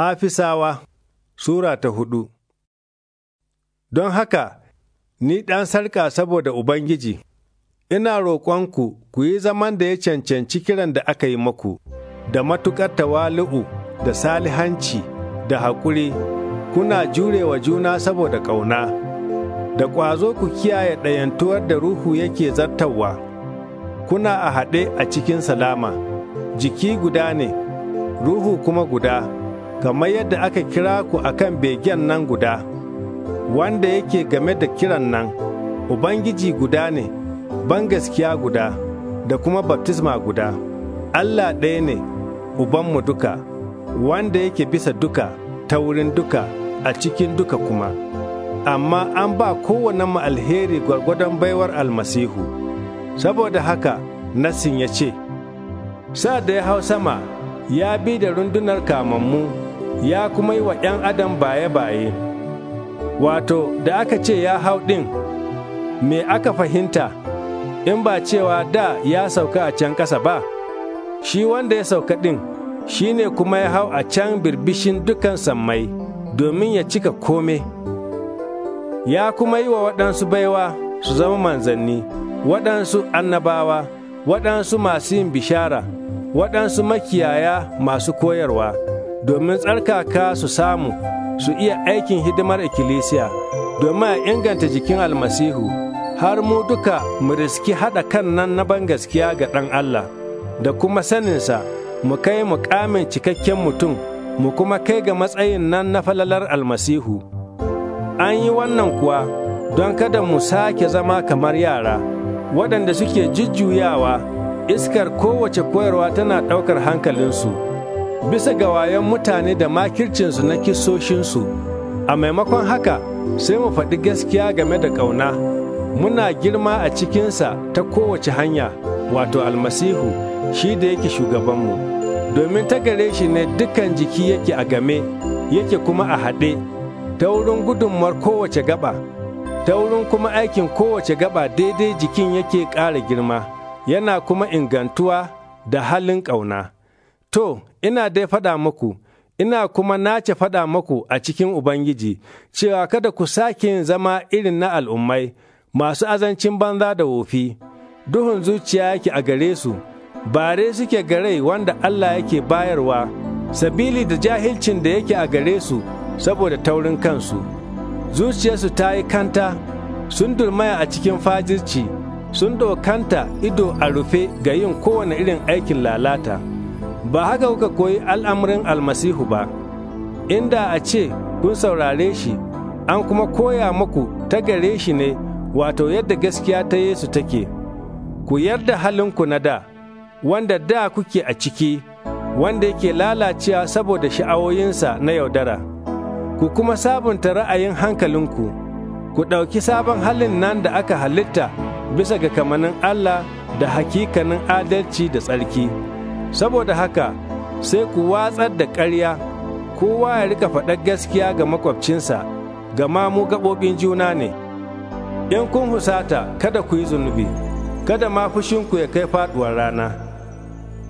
Afisawa Sura ta hudu Don haka, ni ɗan sarka saboda Ubangiji, ina roƙonku ku yi zaman da ya cancanci kiran da aka yi maku, da matuƙar tawali'u, da salihanci, da haƙuri, kuna jurewa juna saboda ƙauna, da ƙwazo ku kiyaye ɗayantuwar da ruhu yake zartawa, kuna a haɗe a cikin salama, jiki guda ne, ruhu kuma guda. kamar yadda aka kira ku a kan begen nan guda, wanda yake game da kiran nan, Ubangiji guda ne, bangaskiya guda, da kuma baptisma guda, Allah ɗaya ne, Ubanmu duka, wanda yake bisa duka, ta wurin duka, a cikin duka kuma. Amma an ba kowane mu alheri gwargwadon baiwar almasihu, saboda haka Nassin ya ce, Sa da ya hau sama, ya bi da rundunar kamammu ya kuma yi wa ‘yan adam baye-baye, wato da aka ce ya hau ɗin, me aka fahimta in ba cewa da ya sauka a can ƙasa ba, shi wanda ya sauka ɗin shi ne kuma ya hau a can birbishin dukan sammai domin ya cika kome. Ya kuma yi wa waɗansu baiwa su zama manzanni, waɗansu annabawa, waɗansu masu yin bishara, waɗansu makiyaya masu koyarwa. domin tsarkaka su samu su iya aikin hidimar ikkilisiya domin a inganta jikin almasihu har mu duka mu riski haɗa kan nan na gaskiya ga ɗan Allah da kuma saninsa mu kai muƙamin cikakken mutum mu kuma kai ga matsayin nan na falalar almasihu an yi wannan kuwa don kada mu sake zama kamar yara waɗanda suke jujjuyawa iskar kowace koyarwa tana ɗaukar hankalinsu. bisa ga wayan mutane da makircinsu na kisoshinsu a maimakon haka sai mu faɗi gaskiya game da ƙauna muna girma a cikinsa ta kowace hanya wato almasihu shi da yake shugabanmu domin ta gare shi ne dukan jiki yake a game yake kuma a haɗe ta wurin gudunmar kowace gaba ta wurin kuma aikin kowace gaba daidai jikin yake ƙara girma yana kuma ingantuwa da halin ƙauna. To, ina dai faɗa muku, ina kuma nace faɗa muku a cikin Ubangiji, cewa kada ku sake zama irin na al'ummai masu azancin banza da wofi, duhun zuciya yake a gare su, bare suke gare wanda Allah yake bayarwa, sabili da jahilcin da yake a gare su saboda taurin kansu. Zuciyarsu ta yi kanta, sun durmaya a cikin fajirci, sun dokanta ido a rufe ga yin kowane irin aikin lalata. ba haka kuka koyi al'amarin almasihu ba, inda a ce kun saurare shi, an kuma koya muku ta gare shi ne wato yadda gaskiya ta Yesu take, ku yarda halinku na da, wanda da kuke a ciki, wanda yake lalacewa saboda sha'awoyinsa na yaudara, ku kuma sabunta ra'ayin hankalinku, ku ɗauki sabon halin nan da aka halitta bisa ga kamanin Allah da hakikanin adalci da tsarki. saboda haka sai ku watsar da ƙarya kowa ya rika faɗar gaskiya ga makwabcinsa gama mu gaɓoɓin juna ne in kun husata kada ku yi zunubi kada ma fushinku ya kai faɗuwar rana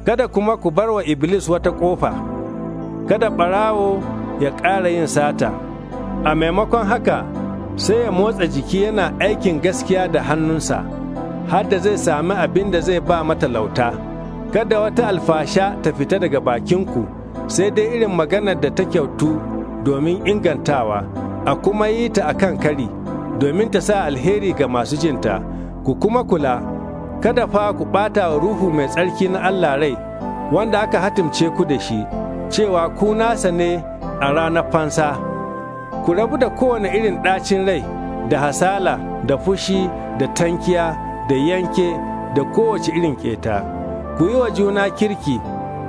kada kuma ku bar wa iblis wata ƙofa kada ɓarawo ya ƙara yin sata a maimakon haka sai ya motsa jiki yana aikin gaskiya da hannunsa har da zai sami abin da zai ba matalauta. lauta kada wata alfasha ta fita daga bakinku sai dai irin maganar da ta kyautu domin ingantawa a kuma yi ta a kan kari domin ta sa alheri ga masu jinta ku kuma kula kada fa ku ɓata wa ruhu mai tsarki na Allah rai wanda aka hatimce ku da shi cewa ku nasa ne a ranar fansa ku rabu da kowane irin ɗacin rai da hasala da fushi da tankiya da yanke da kowace irin ƙeta. ku yi wa juna kirki,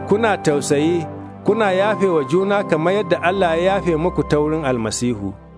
kuna tausayi, kuna yafe wa juna kamar yadda Allah ya yafe muku ta wurin almasihu.